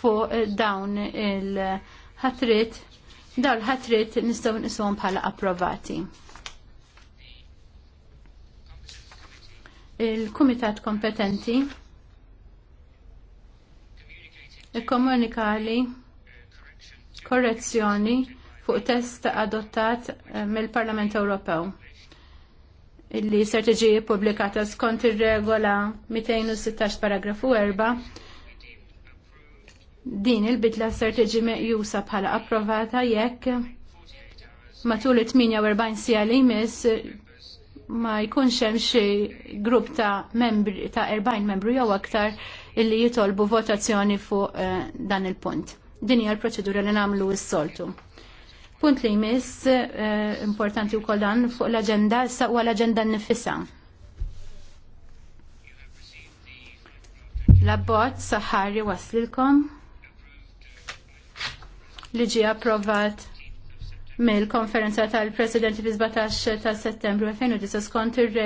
fuq dawn il-ħatrit, dawn il-ħatrit nistaw nisuhom bħala approvati. Il-Kumitat kompetenti ikkomunikali korrezzjoni fuq test adottat eh, mill-Parlament Ewropew illi ser tiġi skont ir-regola 216 paragrafu Din il-bidla ser tiġi meqjusa bħala approvata jekk matul 48 sija li jmiss ma jkunx hemm xi grupp ta' membri ta' 40 membru jew aktar illi jitolbu votazzjoni fuq eh, dan il-punt. Din hija l-proċedura li nagħmlu s-soltu. Punt li jmiss eh, importanti wkoll dan fuq l-aġenda issa huwa l-aġenda nnifisha. L-abbozz saħħari waslilkom li ġie approvat mill-konferenza tal-Presidenti fi 17 ta' settembru 2009 skont ir